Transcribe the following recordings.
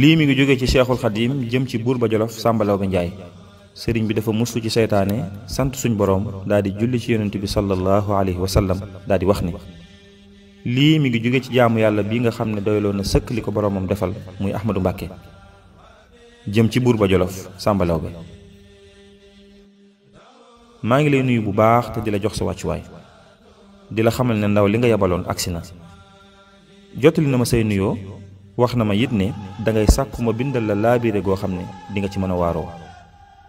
lii mi ngi jóge ci Seexul Xadiim jëm ci buur ba Jolof Sàmba Lawbe Njaay sëriñ bi dafa musul ci seytaane sant suñ boroom daal di julli ci yonent bi sallallahu alayhi wa sallam daal di wax ni lii mi ngi jóge ci jaamu yàlla bi nga xam ne doyloo na sëkk li ko boroomam defal muy Ahmadu Mbàkke jëm ci buur ba Jolof Sàmba Lawbe maa ngi lay nuyu bu baax te la jox sa wàccuwaay dila xamal ne ndaw li nga yabalon aksina na na ma say nuyo wax na ma yitne da ngay sakku ma bindal la labire go xamne di nga ci meuna waro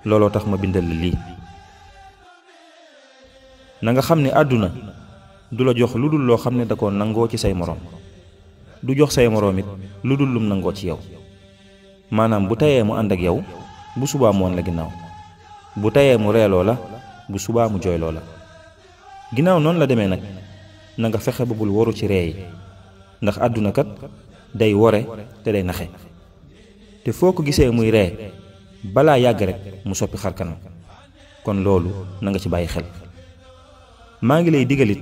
lolo tax ma bindal li na nga xamne aduna àdduna du la jox lu lo xamne da ko nango ci say morom du jox say it lum nango ci yow manam bu tayé mu ànd ak yow bu suba mu won la ginaaw bu tayé mu reelo la bu suba mu jooyloo la ginnaaw noonu la demee nag na nga fexe ba bul waru ci ree yi ndax àdduna kat day wore te day naxe te foo ko gisee muy ree balaa yàgg rek mu soppi xar kanam kon loolu nanga ci bàyyi xel maa ngi lay digalit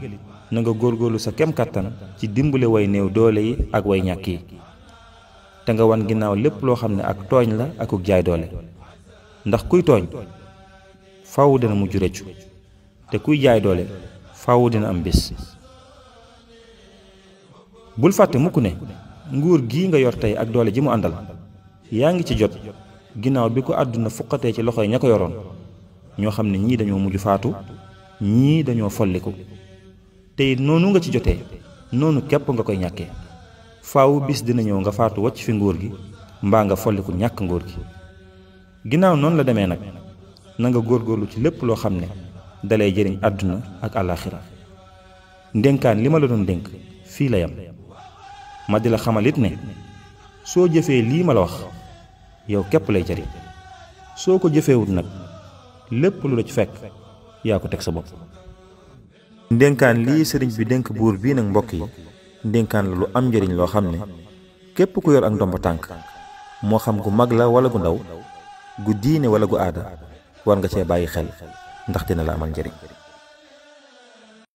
na nga góorgóorlu sa kem kàttan ci dimbale way néew doole yi ak way ñàkk yi te nga wan ginnaaw lépp loo xam ne ak tooñ la akuk jaay doole ndax kuy tooñ faw dana mujj rëccu te kuy jaay doole faaw dina am bis bul fàtte mukk ne nguur gi nga yor tey ak doole ji mu àndal yaa ngi ci jot ginnaaw bi ko àdduna fuqatee ci loxo yi ña ko yoroon ñoo xam ne ñii dañoo mujj faatu ñii dañoo folliku tey noonu nga ci jotee noonu képp nga koy ñàkkee faaw bis dina ñëw nga faatu wacc fi nguur gi mbaa nga folliku ñàkk nguur gi ginnaaw noonu la demee nag na nga góorgóorlu ci lépp loo xam ne dalay jeriñ aduna ak àllaaxira ndenkan lima la doon denk fi la yam ma dila jari. xamalit ne so jëfee li ma la wax yow kep lay jeriñ soko ko wut nak lepp lu la ci fekk ya ko tek sa bop ndenkan li serign bi denk buur bi nak mbokk yi lu am jeriñ lo xamne kep ku yor ak ndomba tank mo xam gu magla wala gu ndaw gu diine wala gu aada war nga ci xel ndax dina la amal njëriñ